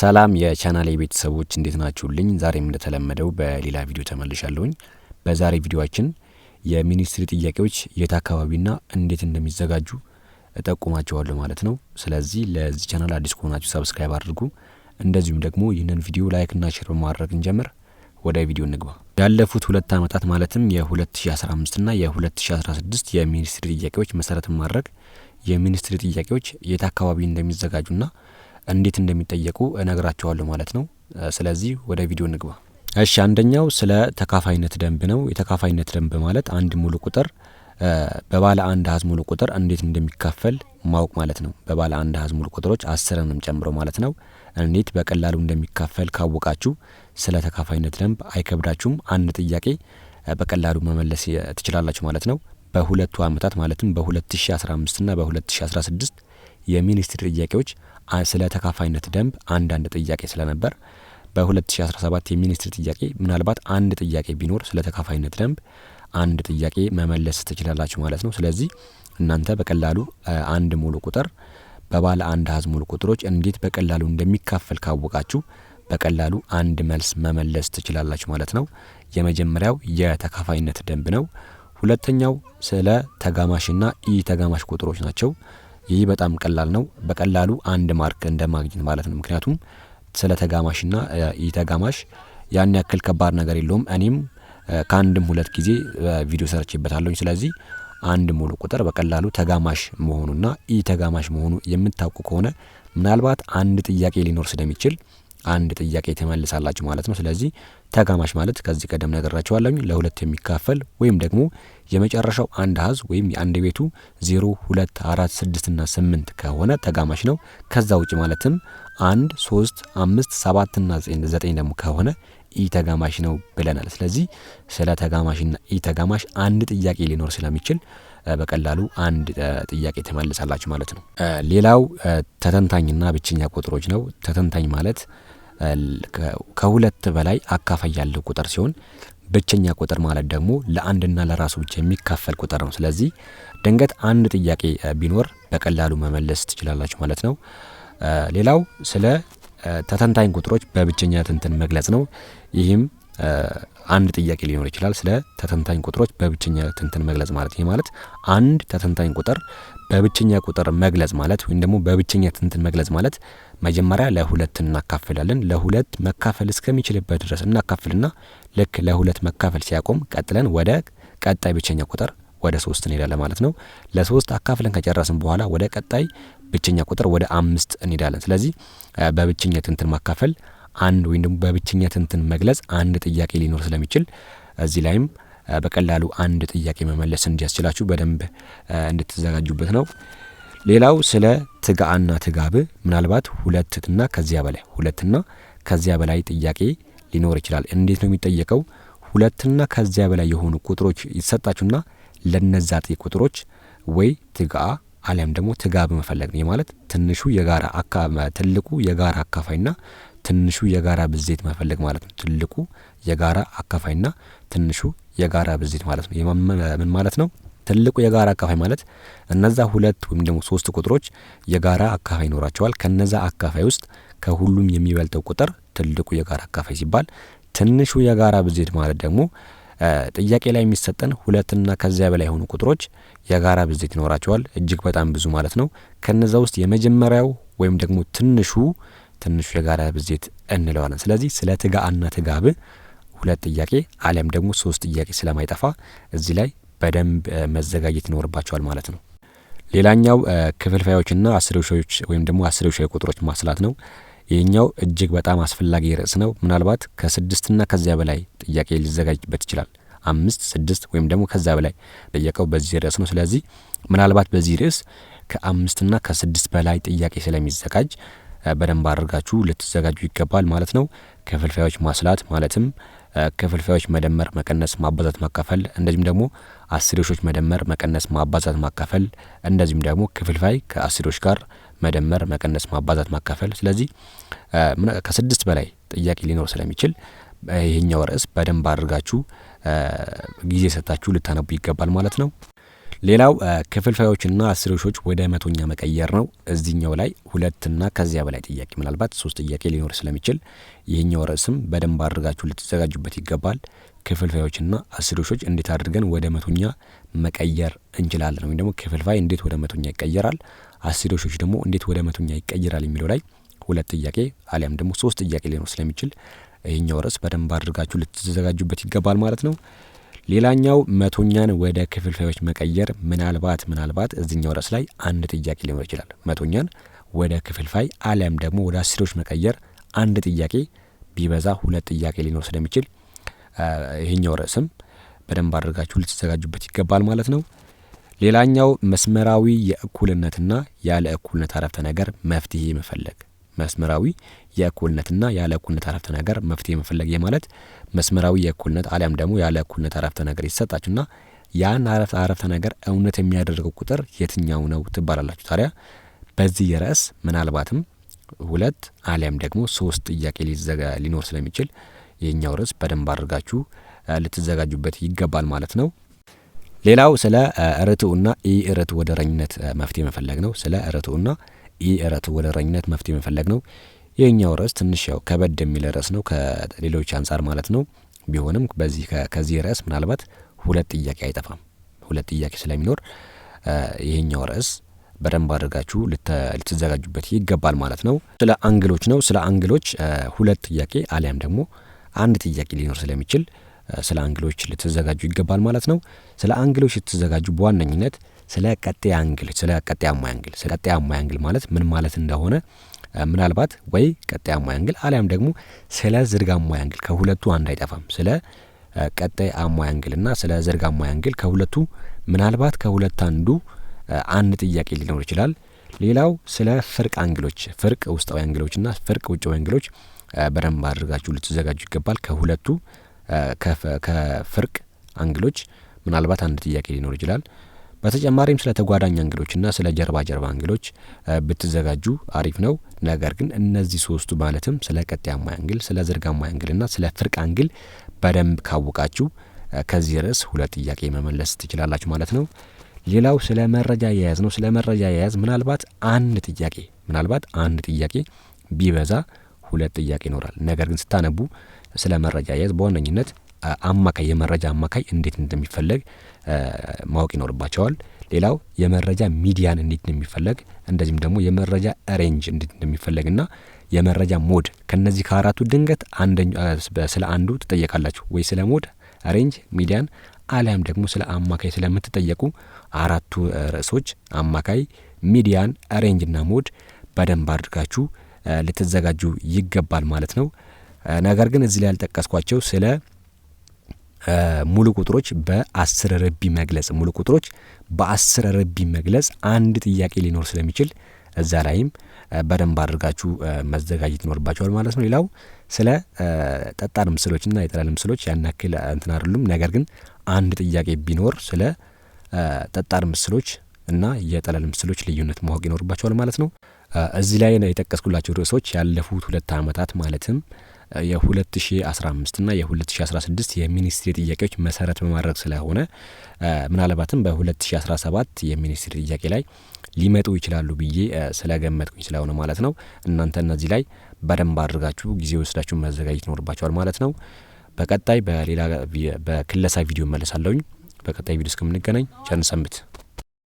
ሰላም የቻናሌ ቤተሰቦች እንዴት ናችሁልኝ? ዛሬም እንደተለመደው በሌላ ቪዲዮ ተመልሻለሁኝ። በዛሬ ቪዲዮችን የሚኒስትሪ ጥያቄዎች የት አካባቢና እንዴት እንደሚዘጋጁ እጠቁማቸዋለሁ ማለት ነው። ስለዚህ ለዚህ ቻናል አዲስ ከሆናችሁ ሰብስክራይብ አድርጉ። እንደዚሁም ደግሞ ይህንን ቪዲዮ እና ሼር በማድረግ እንጀምር። ወደ ቪዲዮ እንግባ። ያለፉት ሁለት ዓመታት ማለትም የ2015ና የ2016 የሚኒስትሪ ጥያቄዎች መሰረት ማድረግ የሚኒስትሪ ጥያቄዎች የት አካባቢ እንደሚዘጋጁና እንዴት እንደሚጠየቁ እነግራቸዋለሁ ማለት ነው። ስለዚህ ወደ ቪዲዮ እንግባ። እሺ አንደኛው ስለ ተካፋይነት ደንብ ነው። የተካፋይነት ደንብ ማለት አንድ ሙሉ ቁጥር በባለ አንድ አሃዝ ሙሉ ቁጥር እንዴት እንደሚካፈል ማወቅ ማለት ነው። በባለ አንድ አሃዝ ሙሉ ቁጥሮች አስርንም ጨምሮ ማለት ነው እንዴት በቀላሉ እንደሚካፈል ካወቃችሁ ስለ ተካፋይነት ደንብ አይከብዳችሁም። አንድ ጥያቄ በቀላሉ መመለስ ትችላላችሁ ማለት ነው። በሁለቱ ዓመታት ማለትም በ2015 እና በ2016 የሚኒስትሪ ጥያቄዎች ስለ ተካፋይነት ደንብ አንዳንድ ጥያቄ ስለነበር በ2017 የሚኒስትር ጥያቄ ምናልባት አንድ ጥያቄ ቢኖር ስለ ተካፋይነት ደንብ አንድ ጥያቄ መመለስ ትችላላችሁ ማለት ነው። ስለዚህ እናንተ በቀላሉ አንድ ሙሉ ቁጥር በባለ አንድ አሃዝ ሙሉ ቁጥሮች እንዴት በቀላሉ እንደሚካፈል ካወቃችሁ በቀላሉ አንድ መልስ መመለስ ትችላላችሁ ማለት ነው። የመጀመሪያው የተካፋይነት ደንብ ነው። ሁለተኛው ስለ ተጋማሽና ኢ ተጋማሽ ቁጥሮች ናቸው። ይህ በጣም ቀላል ነው። በቀላሉ አንድ ማርክ እንደማግኘት ማለት ነው። ምክንያቱም ስለ ተጋማሽና ይህ ተጋማሽ ያን ያክል ከባድ ነገር የለውም። እኔም ከአንድም ሁለት ጊዜ ቪዲዮ ሰርችበታለሁኝ። ስለዚህ አንድ ሙሉ ቁጥር በቀላሉ ተጋማሽ መሆኑና ኢ ተጋማሽ መሆኑ የምታውቁ ከሆነ ምናልባት አንድ ጥያቄ ሊኖር ስለሚችል አንድ ጥያቄ ትመልሳላችሁ ማለት ነው። ስለዚህ ተጋማሽ ማለት ከዚህ ቀደም ነገራችኋለሁ ለሁለት የሚካፈል ወይም ደግሞ የመጨረሻው አንድ አሃዝ ወይም የአንድ ቤቱ 0 2 4 6 እና 8 ከሆነ ተጋማሽ ነው። ከዛ ውጭ ማለትም አንድ 3 5 7 እና 9 ደግሞ ከሆነ ኢ ተጋማሽ ነው ብለናል። ስለዚህ ስለ ተጋማሽና ኢ ተጋማሽ አንድ ጥያቄ ሊኖር ስለሚችል በቀላሉ አንድ ጥያቄ ትመልሳላችሁ ማለት ነው። ሌላው ተተንታኝና ብቸኛ ቁጥሮች ነው። ተተንታኝ ማለት ከሁለት በላይ አካፋይ ያለው ቁጥር ሲሆን ብቸኛ ቁጥር ማለት ደግሞ ለአንድና ለራሱ ብቻ የሚካፈል ቁጥር ነው። ስለዚህ ድንገት አንድ ጥያቄ ቢኖር በቀላሉ መመለስ ትችላላችሁ ማለት ነው። ሌላው ስለ ተተንታኝ ቁጥሮች በብቸኛ ትንትን መግለጽ ነው። ይህም አንድ ጥያቄ ሊኖር ይችላል ስለ ተተንታኝ ቁጥሮች በብቸኛ ትንትን መግለጽ ማለት። ይህ ማለት አንድ ተተንታኝ ቁጥር በብቸኛ ቁጥር መግለጽ ማለት ወይም ደግሞ በብቸኛ ትንትን መግለጽ ማለት መጀመሪያ ለሁለት እናካፍላለን። ለሁለት መካፈል እስከሚችልበት ድረስ እናካፍልና ልክ ለሁለት መካፈል ሲያቆም ቀጥለን ወደ ቀጣይ ብቸኛ ቁጥር ወደ ሶስት እንሄዳለን ማለት ነው። ለሶስት አካፍለን ከጨረስን በኋላ ወደ ቀጣይ ብቸኛ ቁጥር ወደ አምስት እንሄዳለን። ስለዚህ በብቸኛ ትንትን ማካፈል አንድ ወይም ደግሞ በብቸኛ ትንትን መግለጽ አንድ ጥያቄ ሊኖር ስለሚችል እዚህ ላይም በቀላሉ አንድ ጥያቄ መመለስ እንዲያስችላችሁ በደንብ እንድትዘጋጁበት ነው። ሌላው ስለ ትጋአና ትጋብ ምናልባት ሁለትና ከዚያ በላይ ሁለትና ከዚያ በላይ ጥያቄ ሊኖር ይችላል። እንዴት ነው የሚጠየቀው? ሁለትና ከዚያ በላይ የሆኑ ቁጥሮች ይሰጣችሁና ለነዛ ጥ ቁጥሮች ወይ ትግአ አሊያም ደግሞ ትጋብ መፈለግ ነው ማለት ትንሹ የጋራ ትልቁ የጋራ አካፋይና ትንሹ የጋራ ብዜት መፈለግ ማለት ነው። ትልቁ የጋራ አካፋይና ትንሹ የጋራ ብዜት ማለት ነው። ምን ማለት ነው? ትልቁ የጋራ አካፋይ ማለት እነዛ ሁለት ወይም ደግሞ ሶስት ቁጥሮች የጋራ አካፋይ ይኖራቸዋል። ከነዛ አካፋይ ውስጥ ከሁሉም የሚበልጠው ቁጥር ትልቁ የጋራ አካፋይ ሲባል፣ ትንሹ የጋራ ብዜት ማለት ደግሞ ጥያቄ ላይ የሚሰጠን ሁለትና ከዚያ በላይ የሆኑ ቁጥሮች የጋራ ብዜት ይኖራቸዋል። እጅግ በጣም ብዙ ማለት ነው። ከነዛ ውስጥ የመጀመሪያው ወይም ደግሞ ትንሹ ትንሹ የጋራ ብዜት እንለዋለን። ስለዚህ ስለ ትጋአና ትጋብ ሁለት ጥያቄ አሊያም ደግሞ ሶስት ጥያቄ ስለማይጠፋ እዚህ ላይ በደንብ መዘጋጀት ይኖርባቸዋል ማለት ነው። ሌላኛው ክፍልፋዮችና አስርዮሾች ወይም ደግሞ አስርዮሻዊ ቁጥሮች ማስላት ነው። ይህኛው እጅግ በጣም አስፈላጊ ርዕስ ነው። ምናልባት ከስድስትና ከዚያ በላይ ጥያቄ ሊዘጋጅበት ይችላል። አምስት ስድስት ወይም ደግሞ ከዚያ በላይ ጠየቀው በዚህ ርዕስ ነው። ስለዚህ ምናልባት በዚህ ርዕስ ከአምስትና ከስድስት በላይ ጥያቄ ስለሚዘጋጅ በደንብ አድርጋችሁ ልትዘጋጁ ይገባል ማለት ነው። ክፍልፋዮች ማስላት ማለትም ክፍልፋዮች መደመር፣ መቀነስ፣ ማባዛት፣ ማካፈል እንደዚሁም ደግሞ አስርዮሾች መደመር፣ መቀነስ፣ ማባዛት፣ ማካፈል እንደዚሁም ደግሞ ክፍልፋይ ከአስርዮሽ ጋር መደመር፣ መቀነስ፣ ማባዛት፣ ማካፈል። ስለዚህ ከስድስት በላይ ጥያቄ ሊኖር ስለሚችል ይህኛው ርዕስ በደንብ አድርጋችሁ ጊዜ ሰጥታችሁ ልታነቡ ይገባል ማለት ነው። ሌላው ክፍልፋዮችና አስርዮሾች ወደ መቶኛ መቀየር ነው። እዚህኛው ላይ ሁለትና ከዚያ በላይ ጥያቄ ምናልባት ሶስት ጥያቄ ሊኖር ስለሚችል ይህኛው ርዕስም በደንብ አድርጋችሁ ልትዘጋጁበት ይገባል። ክፍልፋዮችና አስርዮሾች እንዴት አድርገን ወደ መቶኛ መቀየር እንችላለን፣ ወይም ደግሞ ክፍልፋይ እንዴት ወደ መቶኛ ይቀየራል፣ አስርዮሾች ደግሞ እንዴት ወደ መቶኛ ይቀየራል የሚለው ላይ ሁለት ጥያቄ አሊያም ደግሞ ሶስት ጥያቄ ሊኖር ስለሚችል ይህኛው ርዕስ በደንብ አድርጋችሁ ልትዘጋጁበት ይገባል ማለት ነው። ሌላኛው መቶኛን ወደ ክፍልፋዮች መቀየር ምናልባት ምናልባት እዚኛው ርዕስ ላይ አንድ ጥያቄ ሊኖር ይችላል። መቶኛን ወደ ክፍልፋይ አሊያም ደግሞ ወደ አስሮች መቀየር አንድ ጥያቄ ቢበዛ ሁለት ጥያቄ ሊኖር ስለሚችል ይህኛው ርዕስም በደንብ አድርጋችሁ ልትዘጋጁበት ይገባል ማለት ነው። ሌላኛው መስመራዊ የእኩልነትና ያለ እኩልነት አረፍተ ነገር መፍትሄ መፈለግ መስመራዊ የእኩልነትና ያለ እኩልነት አረፍተ ነገር መፍትሄ መፈለግ ማለት መስመራዊ የእኩልነት አሊያም ደግሞ ያለ እኩልነት አረፍተ ነገር ይሰጣችሁና ያን አረፍተ ነገር እውነት የሚያደርገው ቁጥር የትኛው ነው ትባላላችሁ። ታዲያ በዚህ ርዕስ ምናልባትም ሁለት አሊያም ደግሞ ሶስት ጥያቄ ሊኖር ስለሚችል የኛው ርዕስ በደንብ አድርጋችሁ ልትዘጋጁበት ይገባል ማለት ነው። ሌላው ስለ ርቱዕና ኢ ርቱዕ ወደረኝነት መፍትሄ መፈለግ ነው። ስለ ርቱዕና ይህ ርዕት ወደረኝነት መፍትሄ መፈለግ ነው። ይህኛው ርዕስ ትንሽ ያው ከበድ የሚል ርዕስ ነው ከሌሎች አንጻር ማለት ነው። ቢሆንም በዚህ ከዚህ ርዕስ ምናልባት ሁለት ጥያቄ አይጠፋም። ሁለት ጥያቄ ስለሚኖር ይህኛው ርዕስ በደንብ አድርጋችሁ ልትዘጋጁበት ይገባል ማለት ነው። ስለ አንግሎች ነው። ስለ አንግሎች ሁለት ጥያቄ አሊያም ደግሞ አንድ ጥያቄ ሊኖር ስለሚችል ስለ አንግሎች ልትዘጋጁ ይገባል ማለት ነው። ስለ አንግሎች ልትዘጋጁ በዋነኝነት ስለ ቀጤ አንግል ስለ ቀጤ አሟያ አንግል ስለ ቀጤ አሟያ አንግል ማለት ምን ማለት እንደሆነ ምናልባት ወይ ቀጤ አሟያ አንግል አሊያም ደግሞ ስለ ዝርግ አሟያ አንግል ከሁለቱ አንድ አይጠፋም። ስለ ቀጤ አሟያ አንግል እና ስለ ዝርግ አሟያ አንግል ከሁለቱ ምናልባት ከሁለት አንዱ አንድ ጥያቄ ሊኖር ይችላል። ሌላው ስለ ፍርቅ አንግሎች ፍርቅ ውስጣዊ አንግሎችና ፍርቅ ውጫዊ አንግሎች በደንብ አድርጋችሁ ልትዘጋጁ ይገባል። ከሁለቱ ከፍርቅ አንግሎች ምናልባት አንድ ጥያቄ ሊኖር ይችላል። በተጨማሪም ስለ ተጓዳኝ አንግሎችና ስለ ጀርባ ጀርባ አንግሎች ብትዘጋጁ አሪፍ ነው። ነገር ግን እነዚህ ሶስቱ ማለትም ስለ ቀጥ አንግል፣ ስለ ዝርግ አንግልና ስለ ፍርቅ አንግል በደንብ ካወቃችሁ ከዚህ ርዕስ ሁለት ጥያቄ መመለስ ትችላላችሁ ማለት ነው። ሌላው ስለ መረጃ አያያዝ ነው። ስለ መረጃ አያያዝ ምናልባት አንድ ጥያቄ ምናልባት አንድ ጥያቄ ቢበዛ ሁለት ጥያቄ ይኖራል። ነገር ግን ስታነቡ ስለ መረጃ የያዝ በዋነኝነት አማካይ የመረጃ አማካይ እንዴት እንደሚፈለግ ማወቅ ይኖርባቸዋል። ሌላው የመረጃ ሚዲያን እንዴት እንደሚፈለግ እንደዚሁም ደግሞ የመረጃ ሬንጅ እንዴት እና የመረጃ ሞድ ከነዚህ ከአራቱ ድንገት ስለ አንዱ ትጠየቃላችሁ ወይ ስለ ሞድ ሬንጅ፣ ሚዲያን አሊያም ደግሞ ስለ አማካይ ስለምትጠየቁ አራቱ ርዕሶች አማካይ፣ ሚዲያን፣ ሬንጅ እና ሞድ በደንብ አድርጋችሁ ልትዘጋጁ ይገባል ማለት ነው። ነገር ግን እዚህ ላይ ያልጠቀስኳቸው ስለ ሙሉ ቁጥሮች በአስር ረቢ መግለጽ ሙሉ ቁጥሮች በአስር ረቢ መግለጽ አንድ ጥያቄ ሊኖር ስለሚችል እዛ ላይም በደንብ አድርጋችሁ መዘጋጀት ይኖርባቸዋል ማለት ነው። ሌላው ስለ ጠጣር ምስሎችና የጠላል ምስሎች ያን ያክል እንትን አይደሉም። ነገር ግን አንድ ጥያቄ ቢኖር ስለ ጠጣር ምስሎች እና የጠላል ምስሎች ልዩነት ማወቅ ይኖርባቸዋል ማለት ነው። እዚህ ላይ የጠቀስኩላቸው ርዕሶች ያለፉት ሁለት ዓመታት ማለትም የ2015 እና የ2016 የሚኒስትሪ ጥያቄዎች መሰረት በማድረግ ስለሆነ ምናልባትም በ2017 የሚኒስትሪ ጥያቄ ላይ ሊመጡ ይችላሉ ብዬ ስለገመትኩኝ ስለሆነ ማለት ነው። እናንተ እነዚህ ላይ በደንብ አድርጋችሁ ጊዜ ወስዳችሁ መዘጋጀት ይኖርባቸዋል ማለት ነው። በቀጣይ በሌላ በክለሳ ቪዲዮ መለሳለሁኝ። በቀጣይ ቪዲዮ እስከምንገናኝ ቸርን ሰንብት።